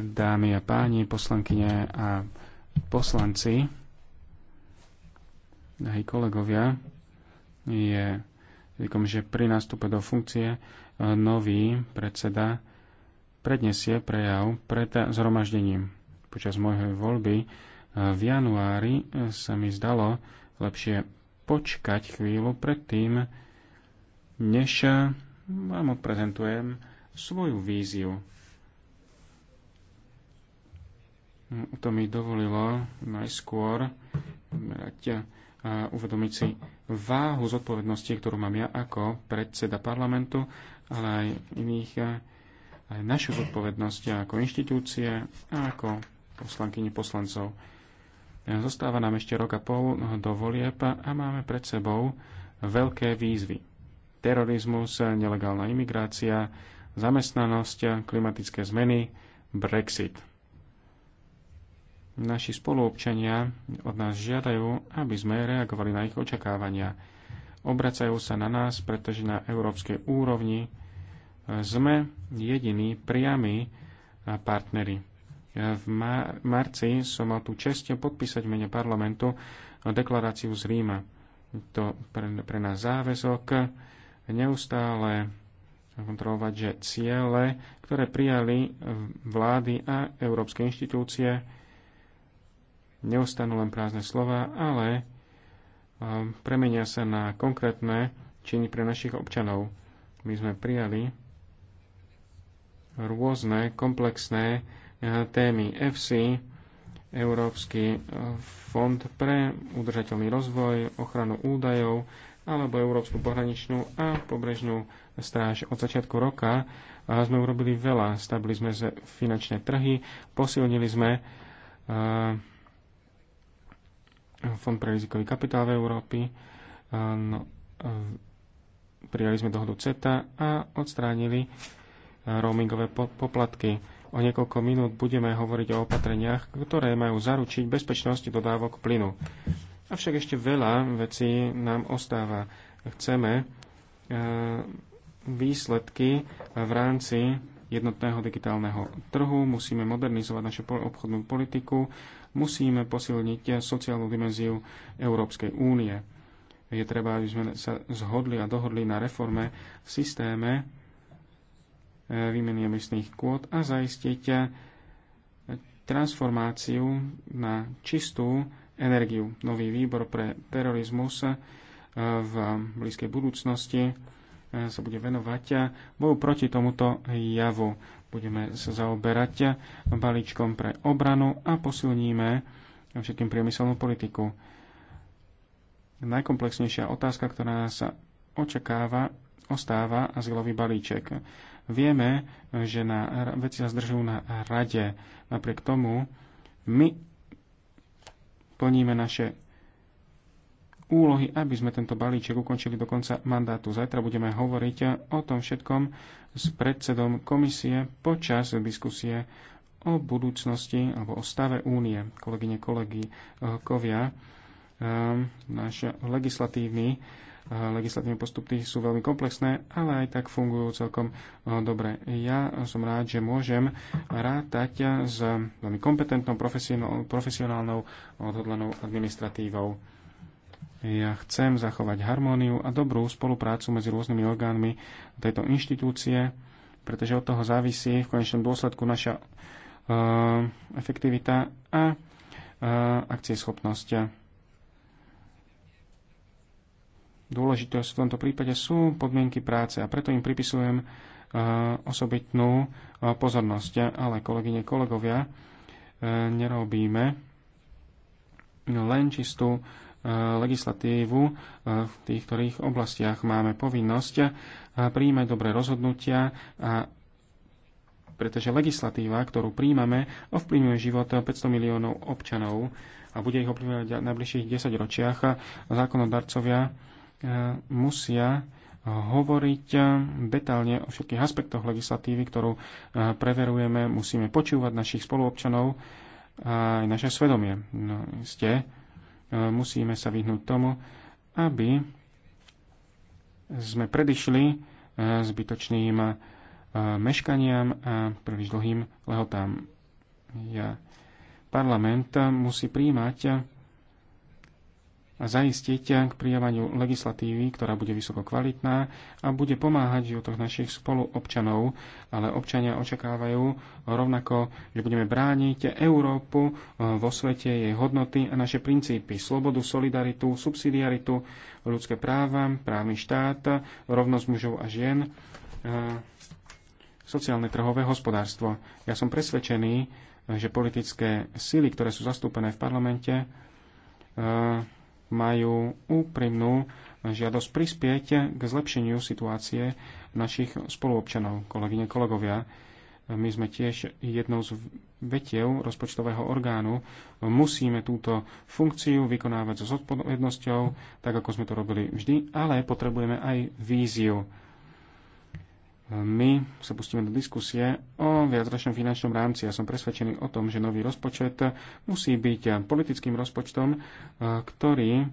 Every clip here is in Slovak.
Dámy a páni, poslankyne a poslanci, drahí kolegovia, je výkom, že pri nástupe do funkcie e, nový predseda predniesie prejav pred zhromaždením. Počas mojej voľby e, v januári e, sa mi zdalo lepšie počkať chvíľu predtým, než vám odprezentujem svoju víziu. To mi dovolilo najskôr a uvedomiť si váhu zodpovednosti, ktorú mám ja ako predseda parlamentu, ale aj iných, aj našu zodpovednosť ako inštitúcie a ako poslankyni poslancov. Zostáva nám ešte rok a pol do volieb a máme pred sebou veľké výzvy. Terorizmus, nelegálna imigrácia, zamestnanosť, klimatické zmeny, Brexit. Naši spoluobčania od nás žiadajú, aby sme reagovali na ich očakávania. Obracajú sa na nás, pretože na európskej úrovni sme jediní priami partneri. V marci som mal tú čest podpísať mene parlamentu deklaráciu z Ríma. To pre, pre nás záväzok neustále kontrolovať, že ciele, ktoré prijali vlády a európske inštitúcie, neostanú len prázdne slova, ale um, premenia sa na konkrétne činy pre našich občanov. My sme prijali rôzne komplexné uh, témy FC, Európsky uh, fond pre udržateľný rozvoj, ochranu údajov, alebo Európsku pohraničnú a pobrežnú stráž. Od začiatku roka sme urobili veľa. Stabili sme finančné trhy, posilnili sme Fond pre rizikový kapitál v Európy, no, prijali sme dohodu CETA a odstránili roamingové poplatky. O niekoľko minút budeme hovoriť o opatreniach, ktoré majú zaručiť bezpečnosť dodávok plynu. Avšak ešte veľa vecí nám ostáva. Chceme eh, výsledky v rámci jednotného digitálneho trhu, musíme modernizovať našu obchodnú politiku, musíme posilniť sociálnu dimenziu Európskej únie. Je treba, aby sme sa zhodli a dohodli na reforme v systéme eh, výmeny emisných kôd a zaistiť eh, transformáciu na čistú energiu. Nový výbor pre terorizmus eh, v blízkej budúcnosti eh, sa bude venovať eh, boju proti tomuto javu. Budeme sa zaoberať balíčkom pre obranu a posilníme všetkým priemyselnú politiku. Najkomplexnejšia otázka, ktorá sa očakáva, ostáva azylový balíček. Vieme, že na, veci sa zdržujú na rade. Napriek tomu my plníme naše úlohy, aby sme tento balíček ukončili do konca mandátu. Zajtra budeme hovoriť o tom všetkom s predsedom komisie počas diskusie o budúcnosti alebo o stave únie. Kolegyne, kolegy, eh, kovia, eh, náš legislatívny legislatívne postupy sú veľmi komplexné, ale aj tak fungujú celkom eh, dobre. Ja som rád, že môžem rátať s veľmi kompetentnou, profesionálnou, odhodlanou administratívou. Ja chcem zachovať harmóniu a dobrú spoluprácu medzi rôznymi orgánmi tejto inštitúcie, pretože od toho závisí v konečnom dôsledku naša uh, efektivita a uh, akcieschopnosť. dôležitosť v tomto prípade sú podmienky práce a preto im pripisujem e, osobitnú e, pozornosť. Ale kolegyne, kolegovia, e, nerobíme len čistú legislatívu v tých, ktorých oblastiach máme povinnosť príjmať dobré rozhodnutia a pretože legislatíva, ktorú príjmame, ovplyvňuje život 500 miliónov občanov a bude ich ovplyvňovať v najbližších 10 ročiach. Zákonodarcovia E, musia hovoriť e, detálne o všetkých aspektoch legislatívy, ktorú e, preverujeme, musíme počúvať našich spoluobčanov a aj naše svedomie. No, ste, musíme sa vyhnúť tomu, aby sme predišli zbytočným meškaniam a príliš dlhým lehotám. Ja, parlament musí príjmať zaistiť k prijavaniu legislatívy, ktorá bude vysoko kvalitná a bude pomáhať v životoch našich spoluobčanov, ale občania očakávajú rovnako, že budeme brániť Európu e, vo svete, jej hodnoty a naše princípy, slobodu, solidaritu, subsidiaritu, ľudské práva, právny štát, rovnosť mužov a žien, e, sociálne trhové hospodárstvo. Ja som presvedčený, že politické síly, ktoré sú zastúpené v parlamente, e, majú úprimnú žiadosť prispieť k zlepšeniu situácie našich spoluobčanov, kolegyne, kolegovia. My sme tiež jednou z vetiev rozpočtového orgánu. Musíme túto funkciu vykonávať so zodpovednosťou, tak ako sme to robili vždy, ale potrebujeme aj víziu my sa pustíme do diskusie o viacročnom finančnom rámci. Ja som presvedčený o tom, že nový rozpočet musí byť politickým rozpočtom, ktorý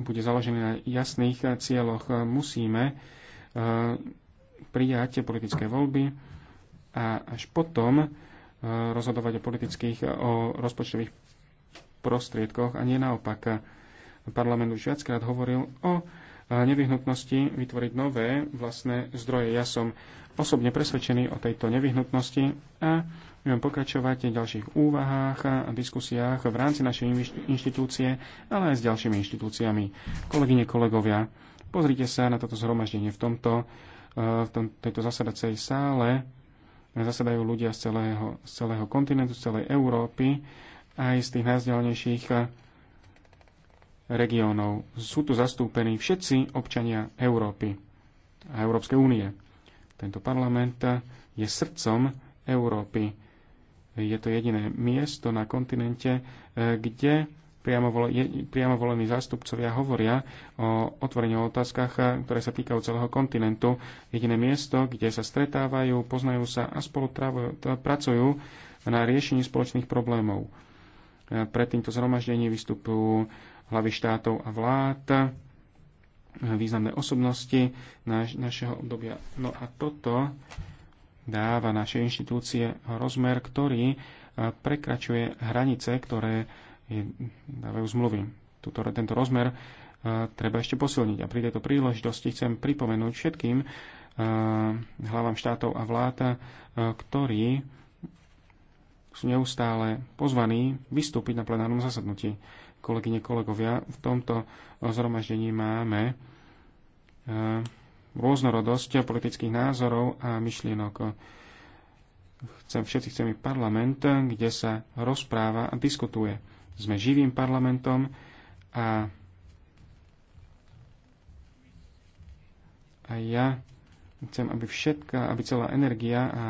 bude založený na jasných cieľoch. Musíme eh, prijať politické voľby a až potom eh, rozhodovať o politických, o rozpočtových prostriedkoch a nie naopak. Parlament už viackrát hovoril o nevyhnutnosti vytvoriť nové vlastné zdroje. Ja som osobne presvedčený o tejto nevyhnutnosti a budem pokračovať v ďalších úvahách a diskusiách v rámci našej inštitúcie, ale aj s ďalšími inštitúciami. Kolegyne, kolegovia, pozrite sa na toto zhromaždenie v tomto e, v tom, tejto zasadacej sále zasadajú ľudia z celého, z celého kontinentu, z celej Európy, aj z tých najzdelnejších regiónov. Sú tu zastúpení všetci občania Európy a Európskej únie. Tento parlament je srdcom Európy. Je to jediné miesto na kontinente, eh, kde priamo volení zástupcovia hovoria o otvorení o otázkach, eh, ktoré sa týkajú celého kontinentu. Jediné miesto, kde sa stretávajú, poznajú sa a spolu pracujú na riešení spoločných problémov. Eh, pred týmto zhromaždením vystupujú hlavy štátov a vlád, významné osobnosti naš, našeho obdobia. No a toto dáva naše inštitúcie rozmer, ktorý e, prekračuje hranice, ktoré je, dávajú zmluvy. Tuto, tento rozmer e, treba ešte posilniť. A pri tejto príležitosti chcem pripomenúť všetkým e, hlavám štátov a vláda, ktorí sú neustále pozvaní vystúpiť na plenárnom zasadnutí. Kolegyne, kolegovia, v tomto zhromaždení máme eh, rôznorodosť politických názorov a myšlienok. Chcem, všetci chceme parlament, kde sa rozpráva a diskutuje. Sme živým parlamentom a, a ja chcem, aby všetka, aby celá energia a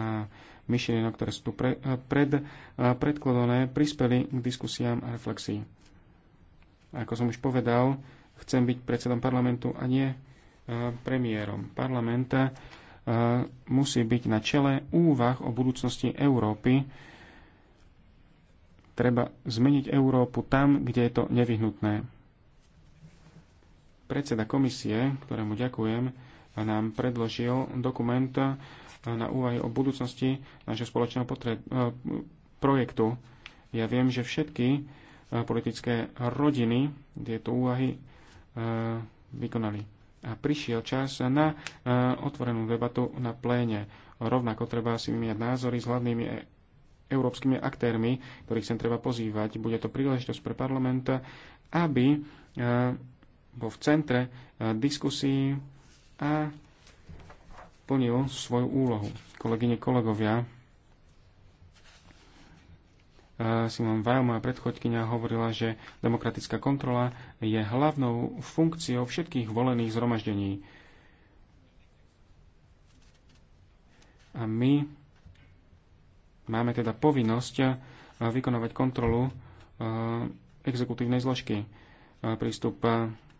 myšlienok, ktoré sú tu pre, eh, pred, eh, predkladané, prispeli k diskusiám a reflexii. Ako som už povedal, chcem byť predsedom parlamentu a nie eh, premiérom. Parlamenta musí byť na čele úvah o budúcnosti Európy. Treba zmeniť Európu tam, kde je to nevyhnutné. Predseda komisie, ktorému ďakujem, nám predložil dokument eh, na úvahy o budúcnosti nášho spoločného eh, projektu. Ja viem, že všetky eh, politické rodiny tieto úvahy vykonali. A prišiel čas na otvorenú debatu na pléne. Rovnako treba si vymieňať názory s hlavnými európskymi aktérmi, ktorých sem treba pozývať. Bude to príležitosť pre parlament, aby bol v centre diskusí a plnil svoju úlohu. Kolegyne, kolegovia, e, Simon Weil, moja predchodkynia, hovorila, že demokratická kontrola je hlavnou funkciou všetkých volených zhromaždení. A my máme teda povinnosť e, vykonávať kontrolu e, exekutívnej zložky. Prístup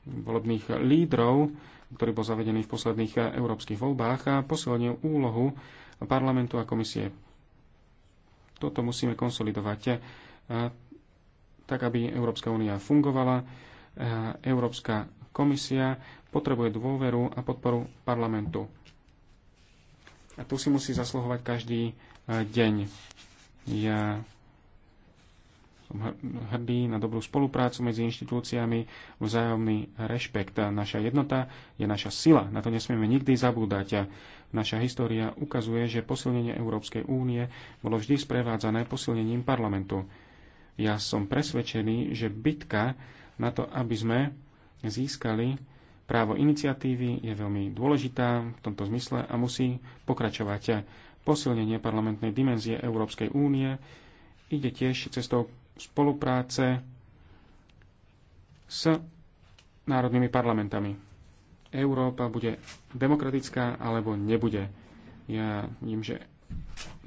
volebných lídrov ktorý bol zavedený v posledných eh, európskych voľbách a posilnil úlohu parlamentu a komisie. Toto musíme konsolidovať eh, tak, aby Európska únia fungovala. Eh, Európska komisia potrebuje dôveru a podporu parlamentu. A tu si musí zasluhovať každý deň. Ja som hrdý na dobrú spoluprácu medzi inštitúciami, vzájomný rešpekt. Naša jednota je naša sila, na to nesmieme nikdy zabúdať. Naša história ukazuje, že posilnenie Európskej únie bolo vždy sprevádzané posilnením parlamentu. Ja som presvedčený, že bitka na to, aby sme získali právo iniciatívy, je veľmi dôležitá v tomto zmysle a musí pokračovať. Posilnenie parlamentnej dimenzie Európskej únie ide tiež cestou spolupráce s národnými parlamentami. Európa bude demokratická alebo nebude. Ja vím, že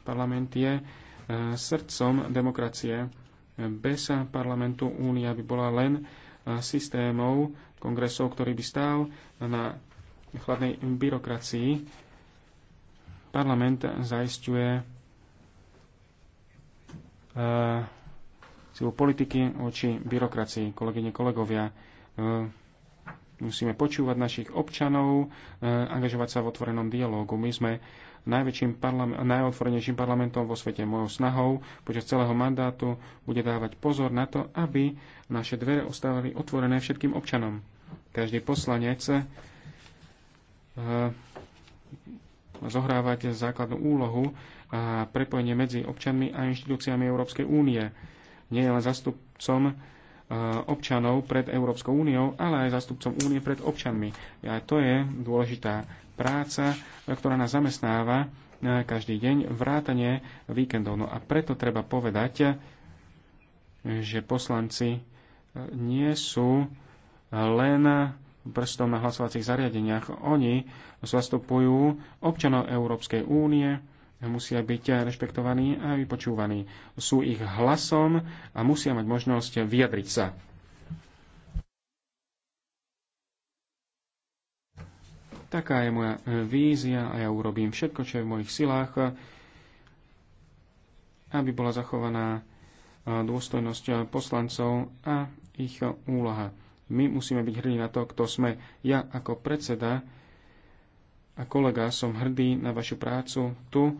parlament je e, srdcom demokracie. Bez parlamentu únia by bola len e, systémov kongresov, ktorý by stál na chladnej byrokracii. Parlament zaisťuje e, silu politiky voči byrokracii. Kolegyne, kolegovia, e, musíme počúvať našich občanov, e, angažovať sa v otvorenom dialógu. My sme najväčším parlam- najotvorenejším parlamentom vo svete mojou snahou počas celého mandátu bude dávať pozor na to, aby naše dvere ostávali otvorené všetkým občanom. Každý poslanec e, zohrávať základnú úlohu a prepojenie medzi občanmi a inštitúciami Európskej únie nie je len zastupcom e, občanov pred Európskou úniou, ale aj zastupcom únie pred občanmi. A to je dôležitá práca, ktorá nás zamestnáva e, každý deň, vrátanie víkendov. No a preto treba povedať, e, že poslanci nie sú len prstom na hlasovacích zariadeniach. Oni zastupujú občanov Európskej únie, musia byť rešpektovaní a vypočúvaní. Sú ich hlasom a musia mať možnosť vyjadriť sa. Taká je moja e, vízia a ja urobím všetko, čo je v mojich silách, aby bola zachovaná e, dôstojnosť poslancov a ich úloha. My musíme byť hrdí na to, kto sme. Ja ako predseda a kolega som hrdý na vašu prácu tu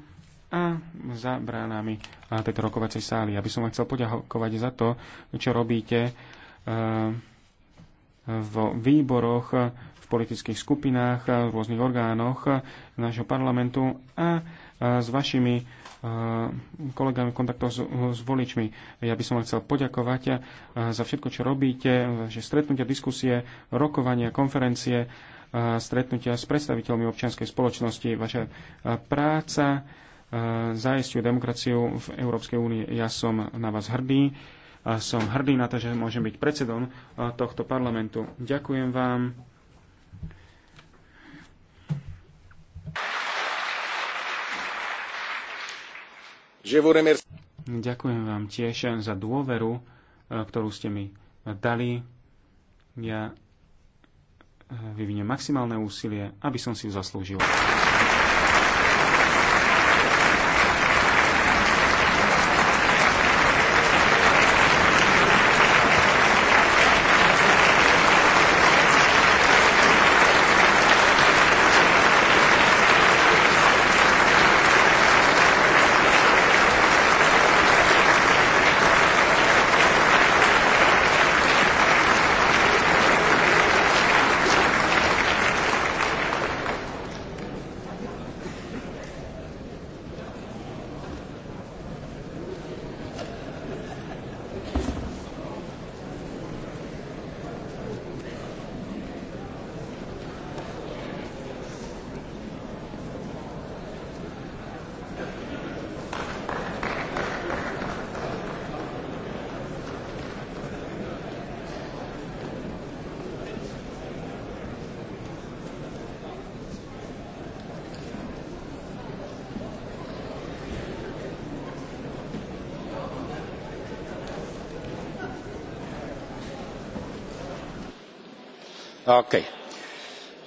a za bránami tejto rokovacej sály. Ja by som vám chcel poďakovať za to, čo robíte e, vo výboroch, v politických skupinách, v rôznych orgánoch nášho parlamentu a s vašimi e, kolegami v kontaktoch s, s voličmi. Ja by som vám chcel poďakovať e, za všetko, čo robíte, že stretnutia, diskusie, rokovania, konferencie, stretnutia s predstaviteľmi občianskej spoločnosti, vaša práca Eh, zaistiu demokraciu v Európskej únii. Ja som na vás hrdý. Som hrdý na to, že môžem byť predsedom eh, tohto parlamentu. Ďakujem vám. Ďakujem vám tiež za dôveru, eh, ktorú ste mi dali. Ja vyviniem maximálne úsilie, aby som si ju zaslúžil.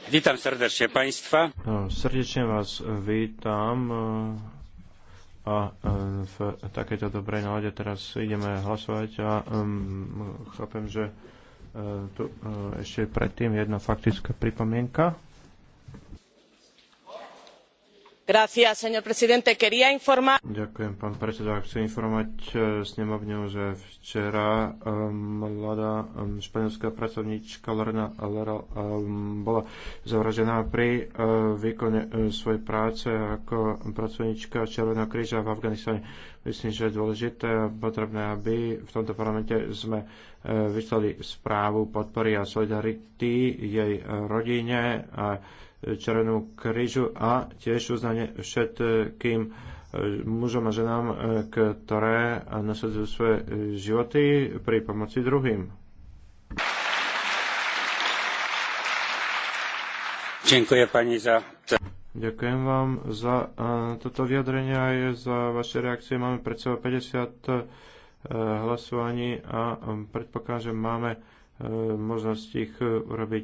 Vítam srdečne państwa. No, srdečne vás vítam e, a v e, takejto dobrej nálade teraz ideme hlasovať a um, chápem, že e, tu ešte predtým jedna faktická pripomienka. Ďakujem, pán predseda. Chcem informovať eh, snemovňu, že včera eh, mladá eh, španielská pracovníčka Lorena Lera bola zavražená pri výkone svojej práce ako pracovníčka Červeného kríža v Afganistane myslím, že je dôležité a potrebné, aby v tomto parlamente sme e, vyslali správu podpory a solidarity jej e, rodine a Červenú krížu a tiež uznanie všetkým e, mužom a ženám, ktoré nasadzujú svoje životy pri pomoci druhým. Ďakujem pani za... Ďakujem vám za e, toto vyjadrenie aj za vaše reakcie. Máme pred sebou 50 e, hlasovaní a predpokladám, že máme e, možnosť ich urobiť